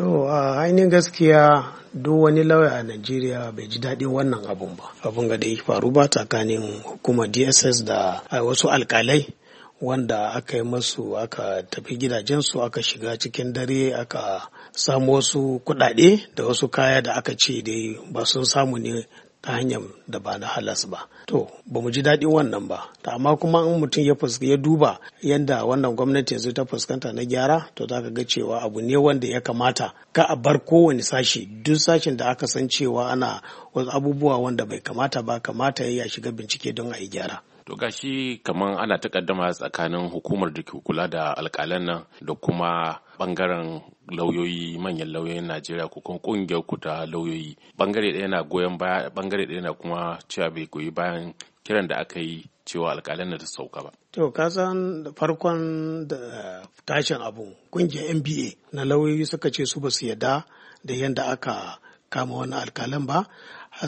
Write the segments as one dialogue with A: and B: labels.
A: To a ainihin gaskiya duk wani lauya a Najeriya bai ji daɗin wannan abun ba. Abun ga da ya faru ba tsakanin hukumar DSS da wasu alkalai wanda aka yi masu aka tafi gidajensu aka shiga cikin dare aka samu wasu kuɗaɗe da wasu kaya da aka ce dai ba sun samu ne ta hanyar da ba na halas ba to ba mu ji daɗin wannan ba amma kuma in mutum ya fuska ya duba yadda wannan gwamnati yanzu ta fuskanta na gyara to za ka ga cewa abu ne wanda ya kamata ka a bar kowane sashi duk sashen da aka san cewa ana wasu abubuwa wanda bai kamata ba kamata ya shiga bincike don a yi gyara
B: To gashi kamar ana takaddama tsakanin hukumar da ke kula da alkalan nan da kuma bangaren lauyoyi manyan lauyoyin Najeriya ko kuma kungiyar ku ta lauyoyi. Bangare ɗaya na goyon baya bangare ɗaya na kuma cewa bai goyi bayan kiran da aka yi cewa alkalan na ta sauka ba.
A: To ka san farkon da tashin abu kungiyar NBA na lauyoyi suka ce su ba su yadda da yadda aka kama wani alkalan ba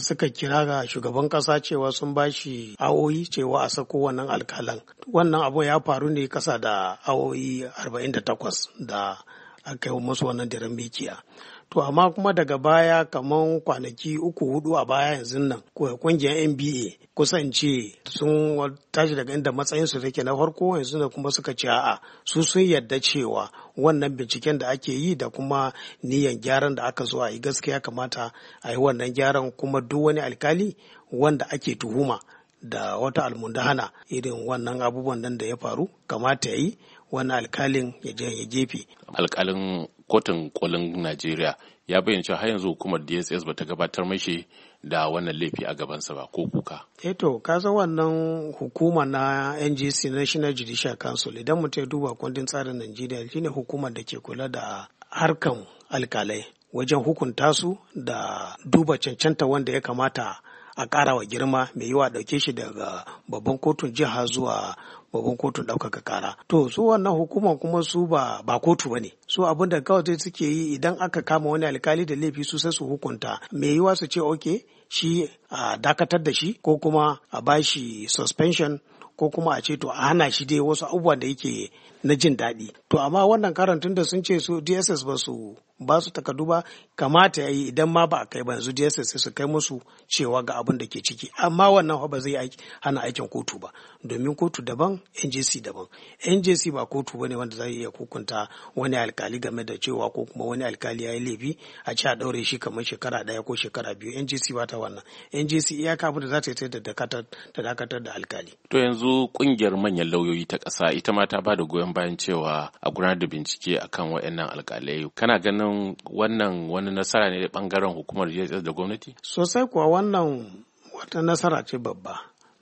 A: suka kira ga shugaban kasa cewa sun ba shi awoyi cewa a sako wannan alkalan wannan abu ya faru ne kasa da awoyi 48 da a kai musu wannan daren mikiya to amma kuma daga baya kaman kwanaki uku hudu a baya yanzu nan kungiyar nba kusan ce sun tashi daga inda matsayinsu take na farko yanzu da kuma suka ce a su sun yarda cewa wannan binciken da ake yi da kuma niyan gyaran da aka zo a yi gaskiya kamata a yi wannan gyaran kuma duk wani alkali wanda ake tuhuma da wata almundahana irin wannan abubuwan nan da ya faru kamata ya yi wani alkalin ya je ya jefe.
B: Alkalin kotun kolin Najeriya ya bayyana cewa har yanzu hukumar DSS ba ta gabatar mashi da wannan laifi a gabansa ba ko kuka.
A: Eto, eh ka san wannan hukuma na NGC National Judicial Council idan mutum ya duba kundin tsarin Najeriya shine hukumar da ke kula da harkan alkalai wajen hukunta su da duba cancanta wanda ya kamata a ƙara wa girma mai yiwa ɗauke shi daga babban kotun jiha zuwa babban kotun ɗaukaka ƙara to su wannan hukuma kuma su ba ba kotu ne su abin da kawai suke yi idan aka kama wani alkali da laifi su sai su hukunta mai yiwa su ce oke shi a dakatar da shi ko kuma a bashi suspension ko kuma a ce to a hana shi dai wasu abubuwan da yake na jin daɗi to amma wannan karantun da sun ce su dss ba su ba su takardu ba kamata ya yi idan ma ba a kai ba yanzu dss su kai musu cewa ga abin da ke ciki amma wannan ba zai hana aikin kotu ba domin kotu daban njc daban njc ba kotu ba ne wanda zai iya hukunta wani alkali game da cewa ko kuma wani alkali ya yi laifi a ce a ɗaure shi kamar shekara ɗaya ko shekara biyu njc ba ta wannan njc iyaka abin da za ta yi ta dakatar da alkali
B: to yanzu kungiyar manyan lauyoyi ta ƙasa ita ma ta ba da goyon bayan cewa a gudanar da bincike akan waɗannan alkalai kana ganin wannan wani nasara ne bangaren hukumar da gwamnati
A: sosai kuwa wannan wata nasara ce babba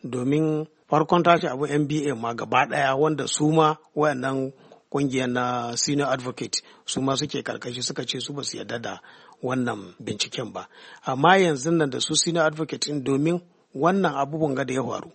A: domin farkon tashi abu nba ma gaba daya wanda su ma wayannan kungiyar na senior advocate su ma suke karkashi suka ce su basu su yarda da wannan binciken ba amma yanzu nan da su senior advocate domin wannan abubuwan ga da ya faru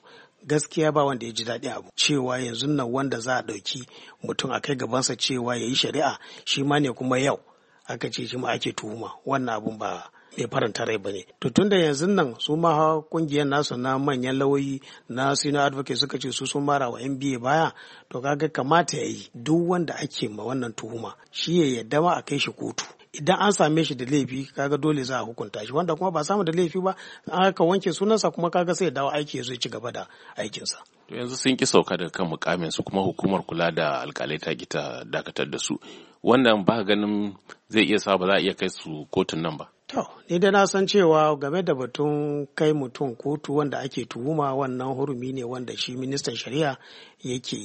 A: gaskiya ba wanda ya ji daɗi abu cewa yanzu nan wanda za a ɗauki mutum a kai gabansa cewa ya yi shari'a shi ma ne kuma yau aka ce shi ma ake tuhuma wannan abun ba mai faranta rai ba ne. To tun da yanzu nan su ma kungiyar nasu na manyan lauyi na senior advocate suka ce su sun mara wa NBA baya to kaga kamata ya yi duk wanda ake ma wannan tuhuma shi ya yadda ma a kai shi kotu. idan an same shi da laifi kaga dole za a hukunta shi wanda kuma ba samu da laifi ba an haka wanke sunansa kuma kaga sai dawo aiki zai ci gaba da aikinsa.
B: To yanzu sun ki sauka daga kan mukamin su kuma hukumar kula da alkalai ta ki ta dakatar da su wannan ba ganin zai iya sa ba za a iya kai su kotun nan ba.
A: To ni dai na san cewa game da batun kai mutum kotu wanda ake tuhuma wannan hurumi ne wanda shi ministan shari'a yake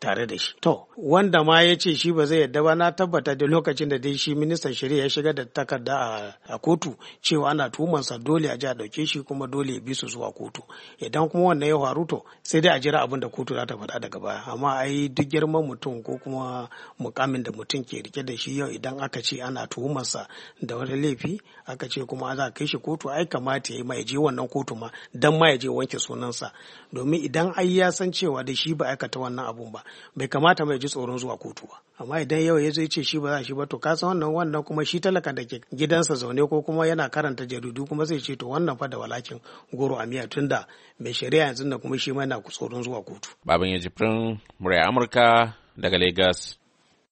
A: tare da shi to wanda ma ya ce shi ba zai yadda ba na tabbata da lokacin da dai shi ministan shari'a ya shiga da takarda a kotu cewa ana tuhumansa dole a ji a dauke shi kuma dole ya bi su zuwa kotu idan kuma wannan ya faru to sai dai a jira abin da kotu za ta faɗa daga baya amma ai duk girman mutum ko kuma mukamin da mutum ke rike da shi yau idan aka ce ana tuhumarsa da wani laifi aka ce kuma za kai shi kotu ai kamata ya ma mai je wannan kotu ma dan ma ya je wanke sunansa domin idan ai ya san cewa da shi ba aikata wannan abun ba bai kamata mai ji tsoron zuwa kotu ba amma idan yau ya zo ce shi ba za shi ba to ka san wannan wannan kuma shi talaka da ke gidansa zaune ko kuma yana karanta jaridu kuma zai ce to wannan fa da walakin goro a miya tunda mai shari'a yanzu da kuma shi ma yana tsoron zuwa kotu.
B: Baban ya jibrin murai Amurka daga Legas.